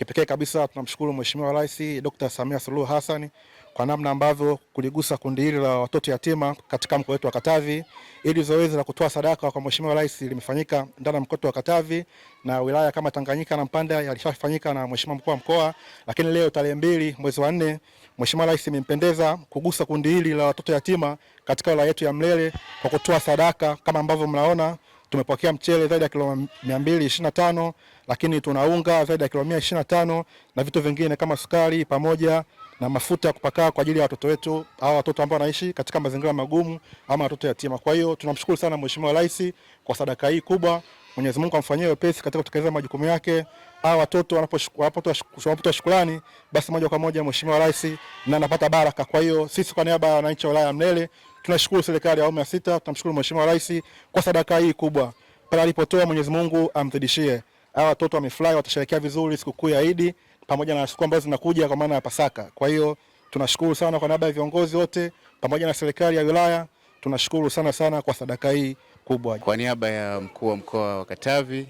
Kipekee kabisa tunamshukuru Mheshimiwa Rais Dr. Samia Suluhu Hassan kwa namna ambavyo kuligusa kundi hili la watoto yatima katika mkoa wetu wa Katavi. Ili zoezi la kutoa sadaka kwa Mheshimiwa Rais limefanyika ndani ya mkoa wa Katavi na wilaya kama Tanganyika na Mpanda yalishafanyika na Mheshimiwa mkuu wa mkoa, lakini leo tarehe mbili mwezi wa nne Mheshimiwa Rais imempendeza kugusa kundi hili la watoto yatima katika wilaya yetu ya Mlele kwa kutoa sadaka kama ambavyo mnaona Tumepokea mchele zaidi ya kilo 225 lakini tuna unga zaidi ya kilo 125 na vitu vingine kama sukari pamoja na mafuta ya kupaka kwa ajili ya watoto wetu au watoto ambao wanaishi katika mazingira magumu ama watoto yatima. Kwa hiyo tunamshukuru sana Mheshimiwa Rais kwa sadaka hii kubwa. Mwenyezi Mungu amfanyie wepesi katika kutekeleza majukumu yake. Hawa watoto wanapotoa shukrani, basi moja kwa moja Mheshimiwa Rais na anapata baraka. Kwa hiyo sisi kwa niaba ya wananchi wa wilaya ya Mlele Tunashukuru serikali ya awamu ya sita, tunamshukuru Mheshimiwa Rais kwa sadaka hii kubwa. Pale alipotoa Mwenyezi Mungu amzidishie. Hawa watoto wamefurahi, watasherekea vizuri sikukuu ya Idi pamoja na siku ambazo zinakuja kwa maana ya Pasaka. Kwa hiyo tunashukuru sana kwa niaba ya viongozi wote pamoja na serikali ya wilaya, tunashukuru sana sana kwa sadaka hii kubwa. Kwa niaba ya mkuu wa mkoa wa Katavi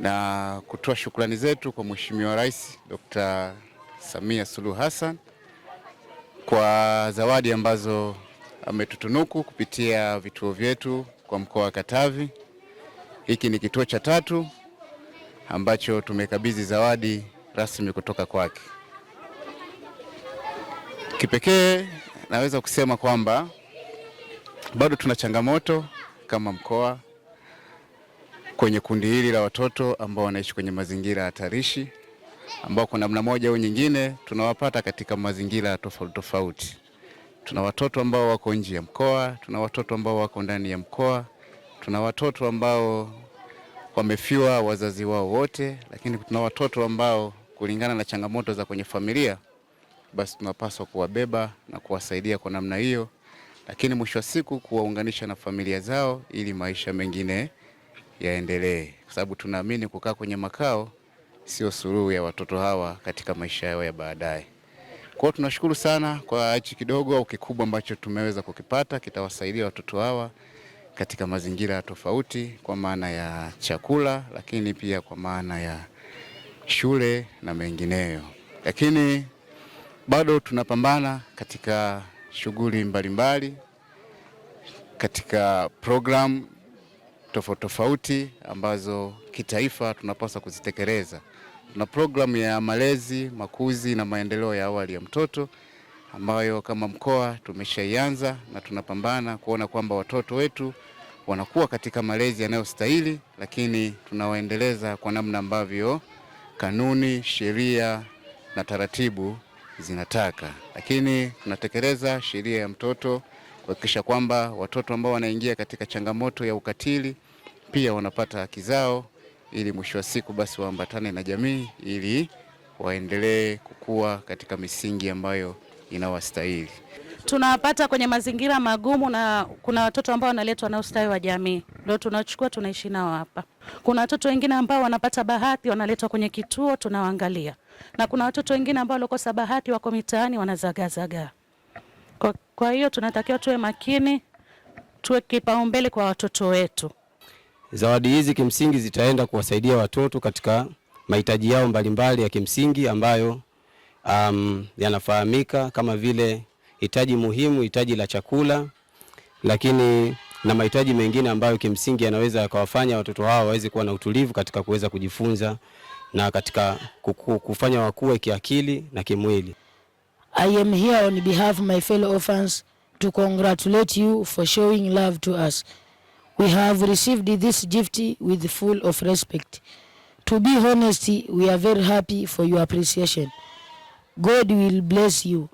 na kutoa shukrani zetu kwa Mheshimiwa Rais Dr. Samia Suluhu Hassan kwa zawadi ambazo ametutunuku kupitia vituo vyetu kwa mkoa wa Katavi. Hiki ni kituo cha tatu ambacho tumekabidhi zawadi rasmi kutoka kwake. Kipekee naweza kusema kwamba bado tuna changamoto kama mkoa kwenye kundi hili la watoto ambao wanaishi kwenye mazingira hatarishi ambao kwa namna moja au nyingine tunawapata katika mazingira tofauti tofauti. Tuna watoto ambao wako nje ya mkoa, tuna watoto ambao wako ndani ya mkoa, tuna watoto ambao wamefiwa wazazi wao wote, lakini tuna watoto ambao kulingana na changamoto za kwenye familia, basi tunapaswa kuwabeba na kuwasaidia kwa namna hiyo, lakini mwisho wa siku kuwaunganisha na familia zao ili maisha mengine yaendelee, kwa sababu tunaamini kukaa kwenye makao sio suluhu ya watoto hawa katika maisha yao ya baadaye. Kwa tunashukuru sana kwa hichi kidogo au kikubwa ambacho tumeweza kukipata, kitawasaidia watoto hawa katika mazingira tofauti, kwa maana ya chakula, lakini pia kwa maana ya shule na mengineyo. Lakini bado tunapambana katika shughuli mbalimbali, katika programu tofauti tofauti ambazo kitaifa tunapaswa kuzitekeleza. Tuna programu ya malezi, makuzi na maendeleo ya awali ya mtoto ambayo kama mkoa tumeshaianza na tunapambana kuona kwamba watoto wetu wanakuwa katika malezi yanayostahili, lakini tunawaendeleza kwa namna ambavyo kanuni, sheria na taratibu zinataka. Lakini tunatekeleza sheria ya mtoto kuhakikisha kwamba watoto ambao wanaingia katika changamoto ya ukatili pia wanapata haki zao ili mwisho wa siku basi waambatane na jamii ili waendelee kukua katika misingi ambayo inawastahili. Tunawapata kwenye mazingira magumu na kuna watoto ambao wanaletwa na ustawi wa jamii, ndio tunachukua tunaishi nao hapa. Kuna watoto wengine ambao wanapata bahati wanaletwa kwenye kituo tunawaangalia, na kuna watoto wengine ambao walikosa bahati wako mitaani wanazagazagaa. Kwa, kwa hiyo tunatakiwa tuwe makini, tuwe kipaumbele kwa watoto wetu. Zawadi hizi kimsingi zitaenda kuwasaidia watoto katika mahitaji yao mbalimbali ya kimsingi ambayo um, yanafahamika kama vile hitaji muhimu, hitaji la chakula, lakini na mahitaji mengine ambayo kimsingi yanaweza yakawafanya watoto hawa waweze kuwa na utulivu katika kuweza kujifunza na katika kufanya wakuwe kiakili na kimwili. I am here on behalf of my fellow orphans to congratulate you for showing love to us. We have received this gift with full of respect. To be honest, we are very happy for your appreciation. God will bless you